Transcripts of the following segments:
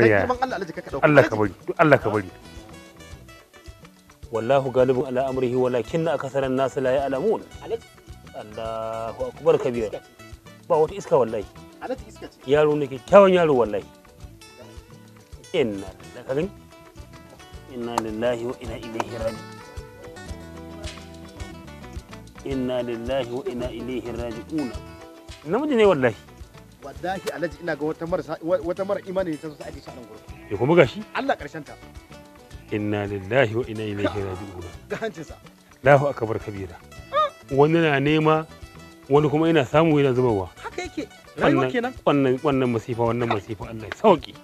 Allah ka bari Allah ka bari wallahu galibin ala amrihi walakin akasaran nasu la ya'lamun Allahu akubar kabiya. ba wata iska wallahi yaro ne kyakkyawan yaro wallahi inna ka inna lillahi wa ina ilaihi raji inna lillahi wa inna ilaihi una. namiji ne wallahi wallahi alhaji ina ga wata mara wata mara imani ta zo ta aje shi nan gurin ya kuma gashi Allah karshen ta inna lillahi wa inna ilaihi raji'un ga hancin sa Allahu akbar kabira wani na nema wani kuma ina samu yana zubarwa haka yake rayuwa kenan wannan wannan masifa wannan masifa Allah ya sauki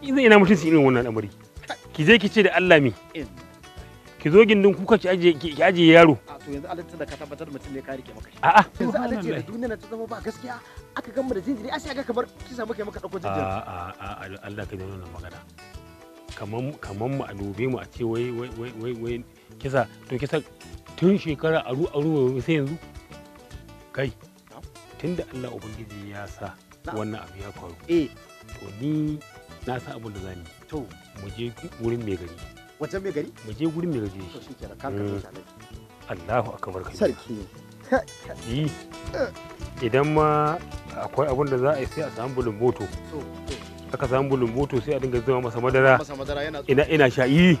ina mutunci irin wannan amari. ki je ki ce da Allah mi ki zo gindin kuka ki aje ki aje yaro a to yanzu alatta da ka tabbatar mutum ne ka rike maka a a yanzu alatta da duniya na ta zama ba gaskiya aka gamba da jinjiri a sai ga kamar ki samu kai maka dauko jinjiri a a Allah ka wannan magana kaman kaman mu a dobe mu a ce wai wai wai wai kisa to kisa tun shekara aru aru sai yanzu kai tunda Allah ubangiji ya sa wannan abu ya faru eh to ni na sa abin da zani to mu je wurin mai gari wajen mai gari mu je gurin mai gari to shi kenan kan kace eh, Allahu akbar kai sarki yi idan ma akwai abin da za a yi sai a samu bulun aka samu bulun sai a dinga zama masa madara ina ina sha yi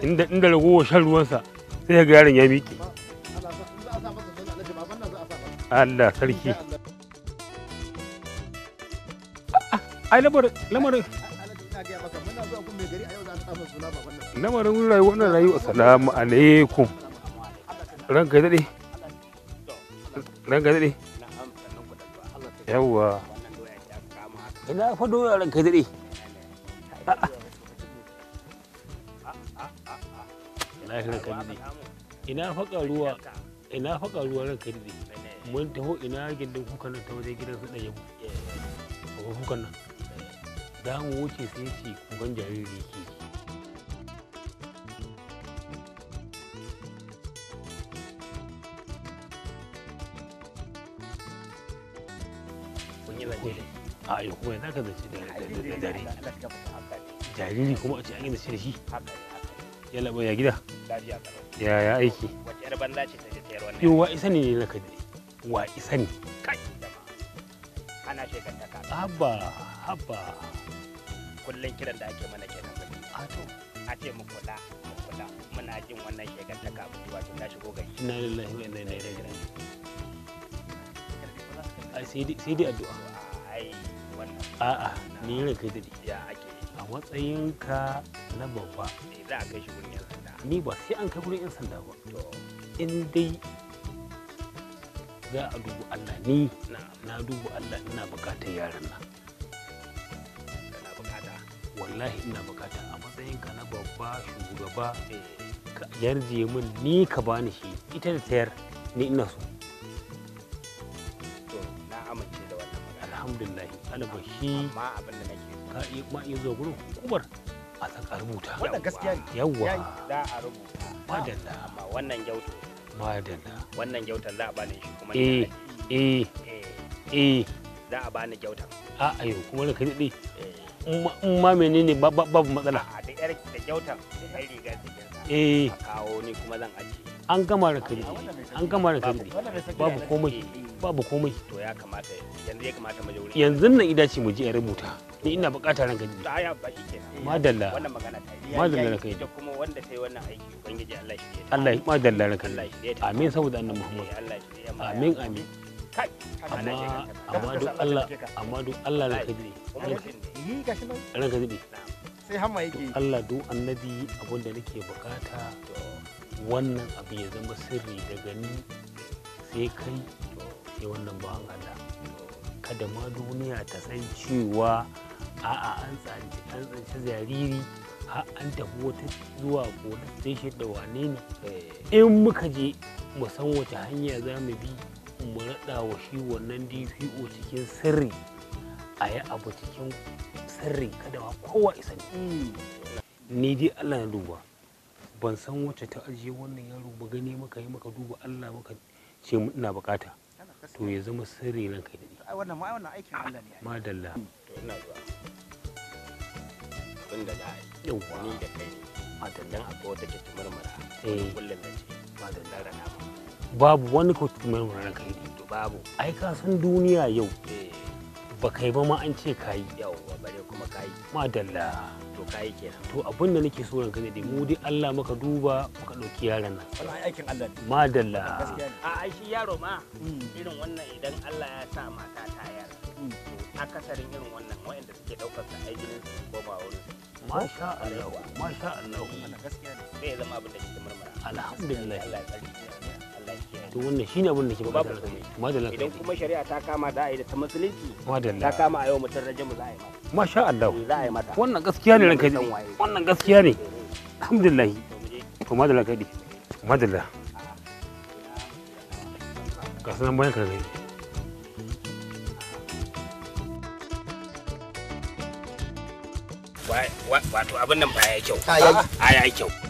inda inda ragowa shan ruwansa sai ga yaron ya miƙe Allah sarki ah, ah, ai lamarin na gaya maka muna zuwa kun a rayuwa wannan rayuwa alaikum ranka daɗe, ranka daɗe, yawwa ina fa doya ranka daɗe? ina ranka dade ina fa ruwa ina fa ruwa ranka daɗe? mun taho ina gindin kukan ta wajen gidan su ɗaya kukan nan za mu wuce sai ce kukan jariri ke a yi kuma za ka zaci da dare jariri kuma a ce an yi zaci da shi yalla bai ya gida ya ya aiki wacce wa isa ne ne na kaje wa isa ne kai ana shekantaka Abba, abba. kullum kiran da ake mana kenan ba a to a ce mu kula mu kula muna jin wannan shekantaka buduwa tun ta shigo gari ina lillahi wa inna ilaihi raji'un ai sai dai addu'a ai wannan a'a ni ne kai dadi ya ake a matsayinka na babba Ni za a kai shi wurin yan sanda ni ba sai an kai wurin yan sanda ba To, in dai za a dubu Allah ni na dubu Allah ina bukatar yaran nan kana bukata wallahi ina bukata a matsayin ka na babba shugaba ka yarje min ni ka bani shi ita da tayar ni ina so to na amince da wannan magana alhamdulillah albashi amma abin da nake ka yi ma yi zo gurin hukumar a tsakar rubuta wannan gaskiya ne yawa da a rubuta ba da amma wannan gyautu madalla wannan gyautan za a bani shi kuma eh eh, eh eh za a bani gyautan a ayo kuma da kaɗi in ma menene babu matsala a da yar da gyautan da rigar jikinsa eh kawo ni kuma zan ajiye an gama da rakari an gama da rakari babu komai babu komai to ya kamata yanzu ya kamata mu yanzu nan ida ce mu je in rubuta ni ina buƙatar ranka ji ta ya baki kenan madalla wannan magana ta yi madalla ranka ji kuma wanda ta yi wannan aiki ubangiji Allah shi ya Allah madalla ranka Allah amin saboda annabi Muhammad amin amin amma amma duk Allah amma duk Allah ranka ji ni gashi nan ranka ji sai hamma yake Allah duk annabi abinda nake bukata to wannan abu ya zama sirri daga ni sai kai sai wannan bawan Allah kada ma duniya ta san cewa a'a an tsanci jariri an tafi wata zuwa gona sai shi da wane ne eh. in muka je mu san wace hanya za mu bi mu raɗa wa shi wannan dpo cikin sirri a yi abu cikin sirri kada ma kowa isa hmm. ni dai allah na duba ban san wacce ta ajiye wannan yaro ba gani maka yi maka duba Allah maka ce ina bukata to ya zama sirri nan kai dadi ai wannan ma wannan aikin Allah ne madalla hmm, to ina zuwa abin da da ni da kai madallan abu wata ke eh kullum da ce madalla da na babu wani ko murmura nan kai to babu ai ka san duniya yau eh ba kai ba ma an ce ka yi yawwa bare kuma ka yi madalla to ka yi kenan to abin da nake so ranka ne mu dai Allah muka duba muka ɗauki yaron nan wallahi aikin Allah ne madalla a ai shi yaro ma hmm. irin wannan idan Allah ya sa mata ta yara hmm. akasarin irin wannan wanda suke daukar sa ai gidan su ba wani masha Allah masha Allah gaskiya ne zai zama abin da ke marmara alhamdulillah Allah ya tsare to wannan shine abin da ke babu komai madalla idan kuma shari'a ta kama da ai da ta musulunci ta kama a yau mutum rajamu za a yi mata masha Allah eh, za a yi mata wannan gaskiya ne ranka wannan gaskiya ne alhamdulillah to madalla kadi madalla ga sanan bayan ka gani wato abin nan ba ya kyau a ya kyau